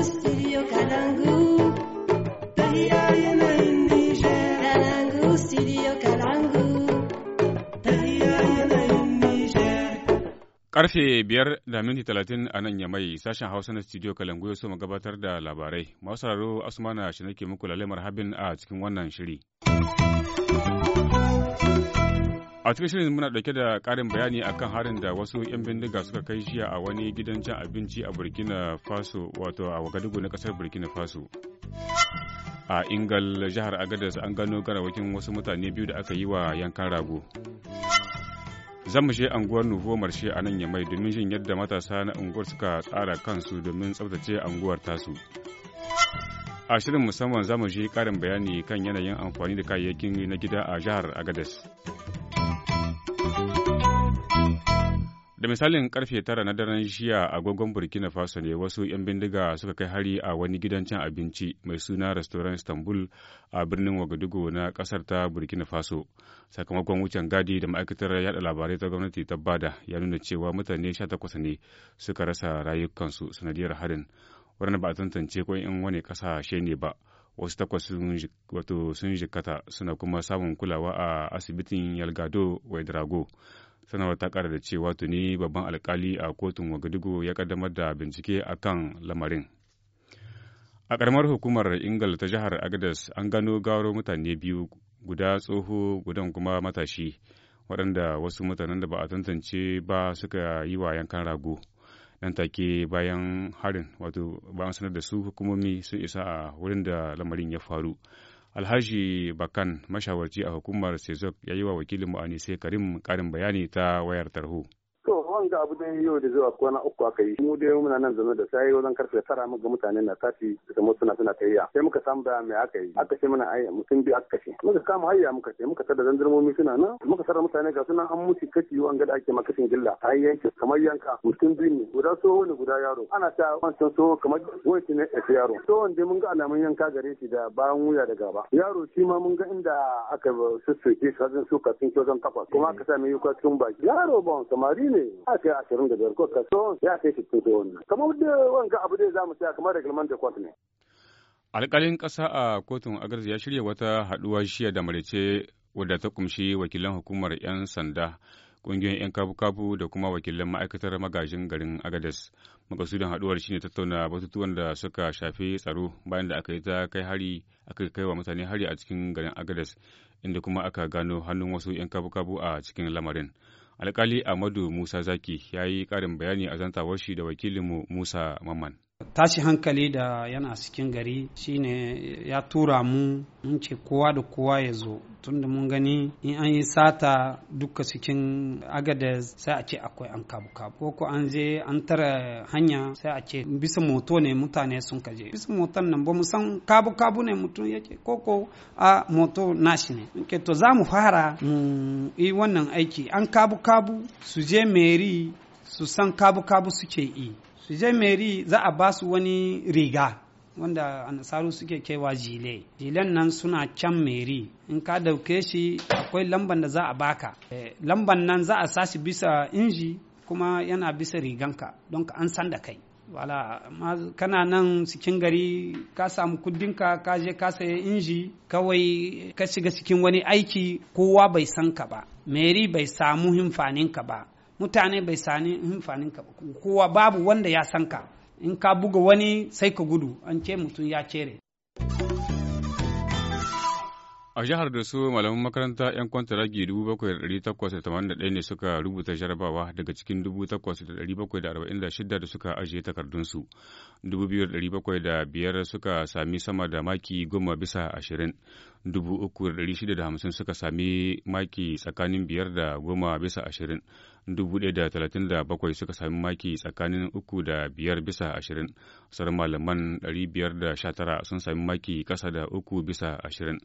studio Karfe biyar da minti talatin a nan yamai sashen Hausa na studio Kalangu ya so mu gabatar da labarai. Masu sauraro Asmana shi nake muku lalemar habin a cikin wannan shiri. a cikin shirin muna dauke da karin bayani akan harin da wasu 'yan bindiga suka kai jiya a wani gidan cin abinci a burkina faso wato a wagadugu na kasar burkina faso a ingal jihar agadas an gano garawakin wasu mutane biyu da aka yi wa yankan rago zan mu anguwar nuvo marshe a nan yamai domin jin yadda matasa na unguwar suka tsara kansu domin tsabtace unguwar tasu a shirin musamman zamu mu je karin bayani kan yanayin amfani da kayayyakin na gida a jihar agadas Da misalin karfe tara na daren jiya agogon Burkina Faso ne wasu 'yan bindiga suka kai hari a wani gidan cin abinci mai suna Restaurant Istanbul a birnin Wagadugu na kasar ta Burkina Faso. Sakamakon wucin gadi da ma'aikatar yada labarai ta gwamnati ta bada ya nuna cewa mutane sha 18 ne suka rasa rayukansu sanadiyar harin. Wannan ba a tantance ko in wani kasashe ne ba. Wasu takwas sun jikata suna kuma samun kulawa a asibitin Yalgado Waidrago. sanarwar ta kara da cewa tuni babban alkali a kotun wagadugu ya kaddamar da bincike a kan lamarin a karamar hukumar ingal ta jihar agadas an gano gawar mutane biyu guda tsoho gudan kuma matashi waɗanda wasu mutanen da ba a tantance ba suka yi wa yankan rago nan take bayan harin wato bayan sanar da su hukumomi sun isa a wurin da lamarin ya faru Alhaji Bakan mashawarci a hukumar Sezok ya yi wa wakilin mu Anise Karim ƙarin bayani ta wayar tarho. wani ga abu dai yau da zuwa kwana uku aka yi mu dai muna nan zama da sai wajen karfe tara muka mutane na tashi da mu suna suna tayya sai muka samu da mai aka yi aka ce mana ai mutum biyu aka kashe muka kama hayya muka ce muka tada zandarmomi suna nan muka sarra mutane ga suna an mutu kashi wanga da ake makashin gilla ai yanke kamar yanka mutum biyu ne guda so ne guda yaro ana ta wancan so kamar wai ne a yaro so wanda mun ga alamun yanka gare shi da bayan wuya da gaba yaro shi ma mun ga inda aka sussuke shi wajen suka sun kyau zan takwas kuma aka sami yi cikin baki yaro ban samari ne a kai ashirin da biyar ne. alƙalin ƙasa a kotun agarzi ya shirya wata haɗuwa shiya da marice wadda ta kumshi wakilan hukumar 'yan sanda ƙungiyoyin 'yan kabu-kabu da kuma wakilan ma'aikatar magajin garin agadez makasudin haɗuwar shine tattauna batutuwan da suka shafi tsaro bayan da aka yi ta kai hari aka kai wa mutane hari a cikin garin agadez inda kuma aka gano hannun wasu 'yan kabu-kabu a cikin lamarin alkali amadu musa zaki ya yi ƙarin bayani a zantawar shi da wakilinmu musa mamman tashi hankali da yana cikin gari shine ya tura mu mun ce kowa da kowa ya zo tunda mun gani in an yi sata duka cikin agadez sai a ce akwai an kabu kabu ko ko an je an tara hanya sai a ce bisa moto ne mutane sun kaje bisa motan nan ba mu san kabu kabu ne mutum yake ko ko a moto nashi ne ke to za mu fara mu yi wannan aiki an kabu kabu su je meri su san kabu kabu suke yi su je meri za a ba su wani riga wanda nasaru suke kewa jile jilen nan suna can meri in ka dauke shi akwai lamban da za a baka eh, lamban nan za a sashi bisa inji kuma yana bisa riganka don an san da kai wala kana nan cikin gari ka samu kudinka ka je ka saye inji kawai ka shiga cikin wani aiki kowa bai san ka ba meri bai samu himfaninka ba mutane bai sani himfanin ka kowa babu wanda ya sanka in ka buga wani sai ka gudu an ce mutum ya cere A jihar da su malaman makaranta 'yan kwantaragi 7,881 ne suka rubuta jarabawa daga cikin 8,746 da suka ajiye takardunsu. 2,705 suka sami sama da maki goma bisa ashirin. 3,650 suka sami maki tsakanin biyar da goma bisa ashirin. 1,037 suka sami maki tsakanin uku da biyar bisa ashirin. Sauran malaman 519 sun sami maki kasa da uku bisa ashirin.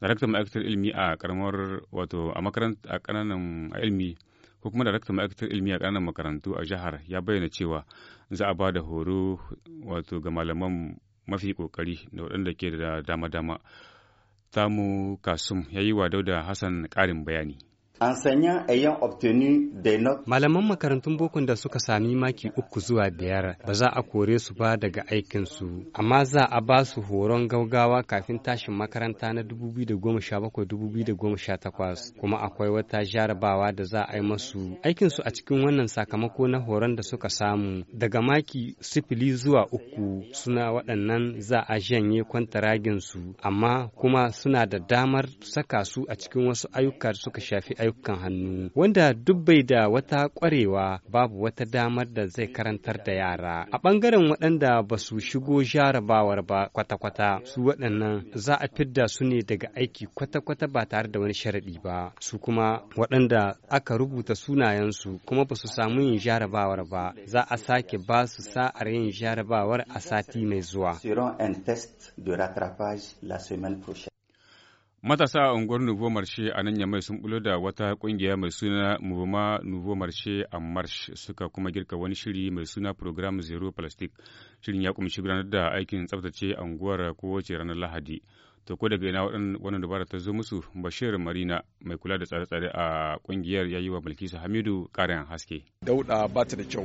daraktan ma'aikatar ilimi a karamar wato a makaranta a kananan ilimi ko kuma daraktan ma'aikatar ilimi a kananan makarantu a jihar ya bayyana cewa za a ba da horo wato ga malaman mafi kokari da waɗanda ke da dama-dama tamu kasum ya yi wa dauda hassan ƙarin bayani Malaman makarantun bokun da suka sami maki uku zuwa biyar ba za a kore su ba daga aikinsu, amma za a ba su horon gaugawa kafin tashin makaranta na 2017-2018 kuma akwai wata jarabawa da za a yi masu aikinsu a cikin wannan sakamako na horon da suka samu daga maki sifili zuwa uku suna waɗannan za a janye kwantaraginsu amma kuma suna da damar saka su a cikin wasu ayyuka suka shafi ayyuka. ayyukan hannu wanda duk bai da wata ƙwarewa babu wata damar da zai karantar da yara a ɓangaren waɗanda ba su shigo jarabawar ba kwata-kwata su waɗannan za a fidda su ne daga aiki kwata-kwata ba tare da wani sharaɗi ba su kuma waɗanda aka rubuta sunayensu kuma ba su samu yin jarabawar ba za a sake ba su sa'ar yin jarabawar a sati mai zuwa. Matasa a unguwar Nuvo Marshe a nan Yamai sun bulo da wata kungiya mai suna Muvuma Nuvo Marshe a marsh suka kuma girka wani shiri mai suna Program Zero Plastic. Shirin ya kumshi gudanar da aikin tsaftace unguwar kowace ranar Lahadi. To ko daga ina wannan dabara ta zo musu Bashir Marina mai kula da tsare-tsare a kungiyar ya wa Bilkisu Hamidu ƙarin haske. Dauda ba ta da kyau.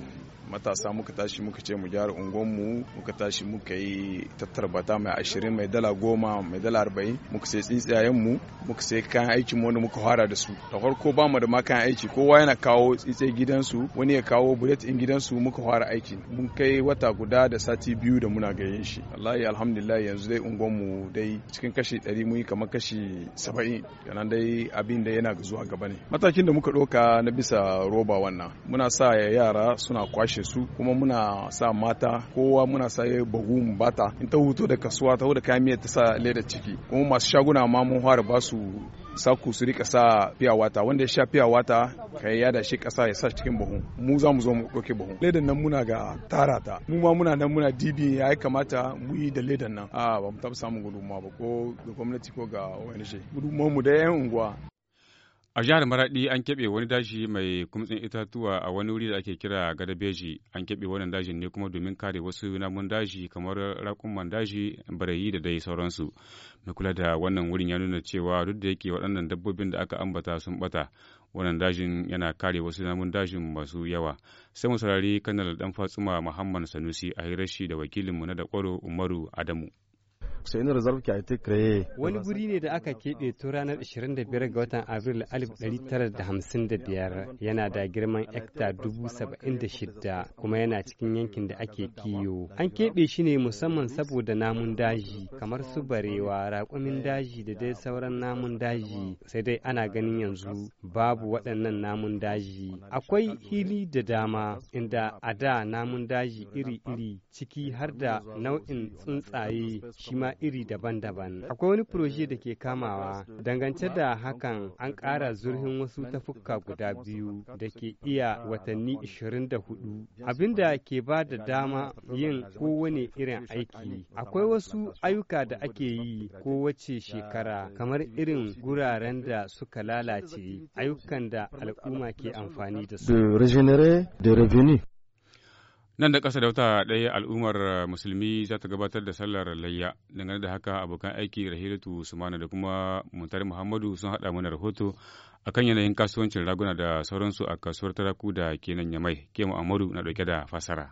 Matasa muka tashi muka ce mu gyara unguwanmu muka tashi muka yi bata mai ashirin mai dala goma mai dala arba'in muka sai mu muka sai kayan aikin wanda muka fara da su. Da farko ba mu da ma kayan aiki kowa yana kawo tsintsiyar gidansu wani ya kawo bullet in gidansu muka fara aiki. Mun kai wata guda da sati biyu da muna gayin shi. Wallahi alhamdulillah yanzu dai mu dai cikin kashi 100 mun yi kamar kashi 70 kenan dai abin da yana zuwa gaba ne matakin da muka ɗauka na bisa roba wannan muna sa yara suna kwashe su kuma muna sa mata kowa muna sa ya bagu mu bata in ta huto da kasuwa ta da kayan miya ta sa leda ciki kuma masu shaguna ma mun fara basu. saku su rika sa fiya wata wanda ya sha fiya wata ka ya da shi kasa ya sa cikin buhu mu za mu zo mu ɗauke buhu ledan nan muna ga tara ta mu ma muna nan muna dibi ya kamata mu yi da ledan nan a ba mu taɓa samun gudunmawa ba ko da gwamnati ko ga ONG gudunmawar mu da 'yan unguwa A jihar Maraɗi an keɓe wani daji mai kumtsin itatuwa a wani wuri da ake kira Gadabeji. An keɓe wannan dajin ne kuma domin kare wasu namun daji kamar rakunman daji, barayi da dai sauransu. Mai kula da wannan wurin ya nuna cewa duk da yake waɗannan dabbobin da aka ambata sun ɓata, wannan dajin yana kare wasu namun dajin masu yawa. Sai mu saurari kanal ɗan fatsuma Muhammad Sanusi a hirashi da wakilinmu na da Umaru Adamu. Wani guri ne da aka keɓe tun ranar 25 ga watan Abril 1955 yana da girman hekta 76,000 kuma yana cikin yankin da ake kiyo. An keɓe shi ne musamman saboda namun daji kamar su barewa, raƙumin daji da dai sauran namun daji sai dai ana ganin yanzu babu waɗannan namun daji. Akwai hili da dama inda a da namun daji iri-iri ciki har da nau'in tsuntsaye shi ma iri daban-daban. Akwai wani proje da ke kamawa, dangance da hakan an ƙara zurhin wasu tafuka guda biyu da ke iya watanni 24, abinda ke ba da dama yin kowane irin aiki. Akwai wasu ayyuka da ake yi kowace shekara, kamar irin guraren da suka lalace, ayukan da al'umma ke amfani da su. Nan da ƙasa da wata ɗaya al'ummar eh, musulmi za ta gabatar da sallar layya dangane da haka abokan aiki Rahilatu Sumana da kuma Muntari Muhammadu sun haɗa mana rahoto a kan yanayin kasuwancin raguna da sauransu a kasuwar Taraku da kenan Yamai. Ke Muhammadu na ɗauke da fasara.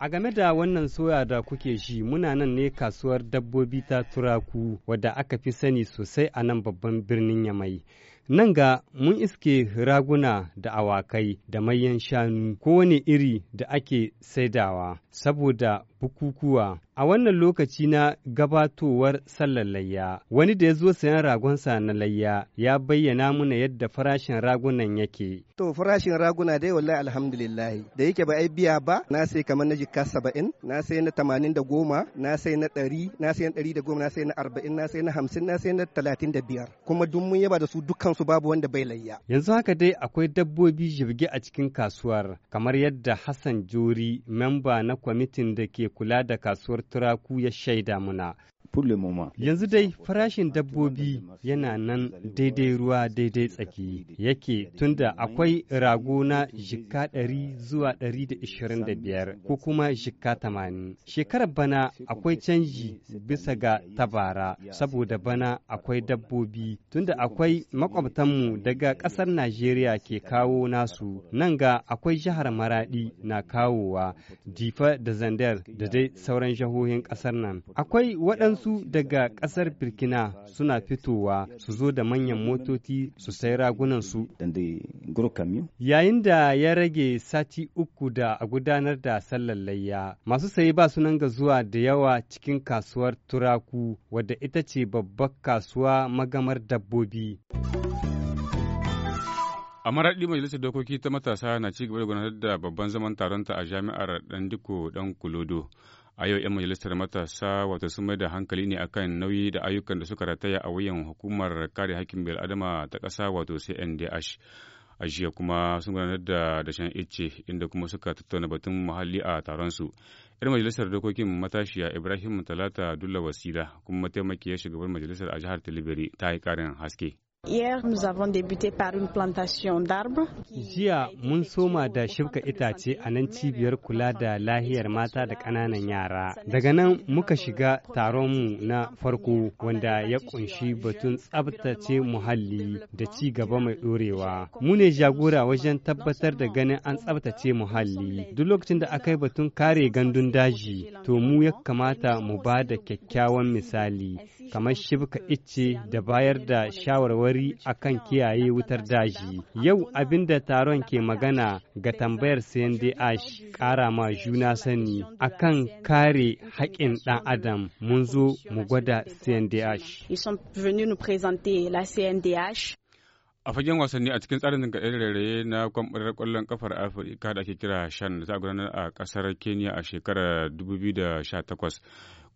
A game da wannan soya da kuke shi muna nan ne kasuwar dabbobi ta Turaku wadda aka fi sani sosai a nan babban birnin Yamai. Nan ga mun iske raguna da awakai da mayan shanu kowane iri da ake saidawa, saboda bukukuwa. A wannan lokaci na gabatowar sallar layya, wani da ya zo sayan ragonsa na layya ya bayyana muna yadda farashin ragunan yake. To farashin raguna dai wallahi alhamdulillah da yake ba ai biya ba na sai kamar na jikka saba'in, na sai na tamanin da goma, na sai na ɗari, na sai na ɗari da goma, na sai na arba'in, na sai na hamsin, na sai na talatin da biyar. Kuma duk mun yaba da su dukkansu babu wanda bai layya. Yanzu haka dai akwai dabbobi jibge a cikin kasuwar kamar yadda Hassan Jori memba na kwamitin da ke kula da kasuwar turaku ya shaida muna Yanzu dai farashin dabbobi yana nan daidai ruwa daidai tsaki yake tunda akwai rago na jikka ɗari zuwa ɗari 125 ko kuma jikka 80. Shekarar bana akwai canji bisa ga tabara saboda bana akwai dabbobi tunda akwai makwabtanmu daga ƙasar Najeriya ke kawo nasu nan ga akwai jihar Maradi na kawowa Difa da Zandar da dai sauran jihohin ƙasar nan. Akwai waɗansu Wasu daga ƙasar Burkina suna fitowa su zo da manyan motoci su sai ragunansu. Yayin da ya rage sati uku da a gudanar da sallar layya, masu sayi ba sunan ga zuwa da yawa cikin kasuwar Turaku wadda ita ce babbar kasuwa magamar dabbobi. a maraɗi majalisar dokoki ta matasa na ci gaba da gudanar da babban zaman taronta a jami'ar ɗan diko ɗan kulodo a yau 'yan majalisar matasa wato sun mai da hankali ne akan nauyi da ayyukan da suka rataya a wayan hukumar kare hakkin adama ta ƙasa wato cndh a jiya kuma sun gudanar da dashen ice inda kuma suka tattauna batun muhalli a taron su yar majalisar dokokin matashiya ibrahim talata dulla wasila kuma mataimakiyar shugaban majalisar a jihar tilibiri ta yi karin haske Hier, nous avons débuté par une plantation d'arbres. Jiya mun soma da shibka itace a nan cibiyar kula da lahiyar mata da ƙananan yara. Daga nan muka shiga taronmu na farko wanda ya kunshi batun tsabtace muhalli da ci gaba mai ɗorewa. Mu ne jagora wajen tabbatar da ganin an tsabtace muhalli. Duk lokacin da aka yi batun kare gandun daji, to mu ya kamata mu ba da kyakkyawan misali kamar shibka icce da bayar da shawarwari akan kiyaye wutar daji. Yau abin da taron ke magana ga tambayar CNDH kara ma juna sani akan kare haƙƙin ɗan adam mun zo mu gwada CNDH. a fagen wasanni a cikin tsarin zangaɗe rairaye na kwamfutar kwallon kafar afirka da ake kira shan da za a gudanar a ƙasar kenya a shekarar 2018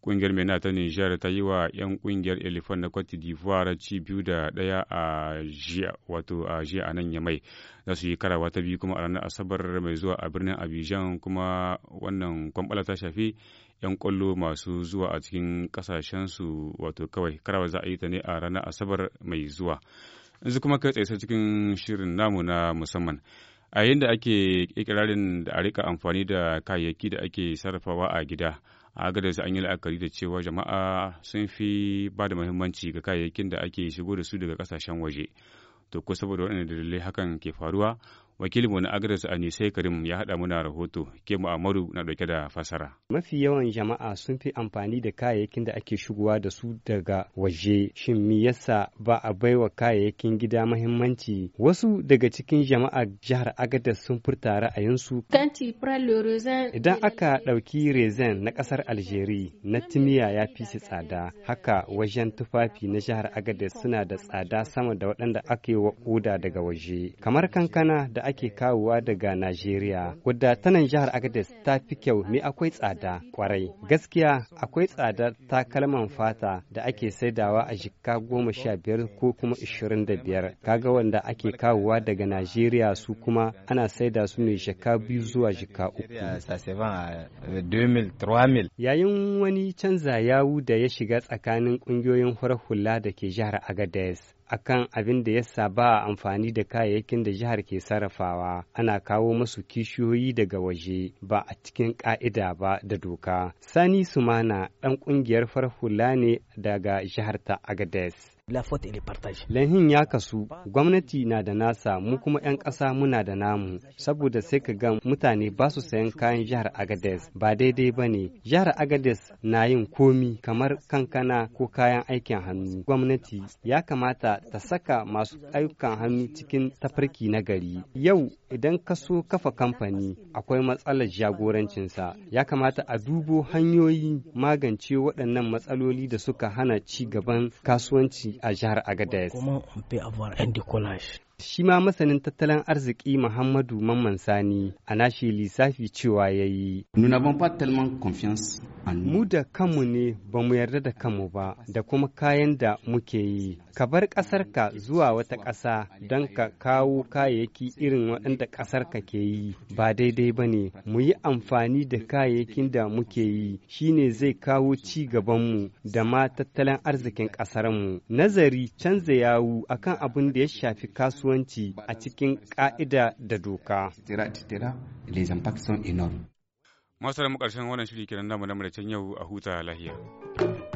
Ƙungiyar MENA ta Nijar ta yi wa 'yan ƙungiyar elifan na Cote d'Ivoire ci biyu da daya a jiya wato a jiya a nan Yamai. Za su yi karawa ta biyu kuma a ranar Asabar mai zuwa a birnin Abidjan kuma wannan kwamɓala ta shafi 'yan kwallo masu zuwa a cikin ƙasashensu wato kawai. Karawa za a yi ta ne a ranar Asabar mai zuwa. Yanzu kuma kai tsaye cikin shirin namu na musamman. A yayin da ake ikirarin da a rika amfani da kayayyaki da ake sarrafawa a gida. a su an yi la'akari da cewa jama'a sun fi ba da muhimmanci ga kayayyakin da ake shigo da su daga kasashen waje to ko saboda waɗanda dalilai hakan ke faruwa wakilin wakilinmu na agres anise karim ya haɗa muna rahoto ke mu'amaru na ɗauke da fasara mafi yawan jama'a sun fi amfani da kayayyakin da ake shigowa da su daga waje shin me yasa ba a baiwa kayayyakin gida mahimmanci wasu daga cikin jama'a jihar agadas sun furta ra'ayinsu idan aka ɗauki rezen na ƙasar algeria na timiya ya fi su tsada haka wajen tufafi na jihar agadas suna da tsada sama da waɗanda ake wa oda daga waje kamar kankana da ake kawowa daga Najeriya, wadda ta jihar Agadez ta fi kyau me akwai tsada kwarai. Gaskiya akwai tsada takalman fata da ake saidawa a jikka goma sha biyar ko kuma ishirin da biyar. Kaga wanda ake kawowa daga Najeriya su kuma ana saida su mai jikka biyu zuwa jikka uku. Yayin wani canza yawu da ya shiga tsakanin ƙungiyoyin farar hula da ke jihar Agadez. akan abin da yasa ba amfani da kayayyakin da jihar ke sarrafawa ana kawo masu kishiyoyi daga waje ba a cikin ka'ida ba da doka sani sumana ɗan ƙungiyar farfula ne daga jihar ta agades La Lahin ya kasu, gwamnati na da nasa, mu kuma 'yan ƙasa muna da namu, saboda sai ka ga mutane ba su sayan kayan jihar Agadez ba daidai ba ne. Jihar Agadez na yin komi kamar kankana ko kayan aikin hannu. Gwamnati ya kamata ta saka masu ayyukan hannu cikin tafarki na gari. Yau idan ka so kafa kamfani akwai matsalar jagorancinsa, ya kamata a dubo hanyoyi magance waɗannan matsaloli da suka hana ci gaban kasuwanci a jihar Agadez. Shi ma masanin tattalin arziki Muhammadu Mamman Sani a nashi lissafi cewa ya yi. Mu da kanmu ne ba mu yarda da kanmu ba da kuma kayan da muke yi. Ka bar ka zuwa wata ƙasa don ka kawo kayayyaki irin waɗanda ka ke yi ba daidai ba ne. Mu yi amfani da kayayyakin da muke yi shi ne zai kawo ci gabanmu da ma tattalin arzikin ƙasarmu. Nazari canza yawu akan abin da ya shafi kasuwa kasuwanci a cikin ƙa'ida da doka. Masu da mu ƙarshen wannan shiri kiran namu na yau a huta lahiya.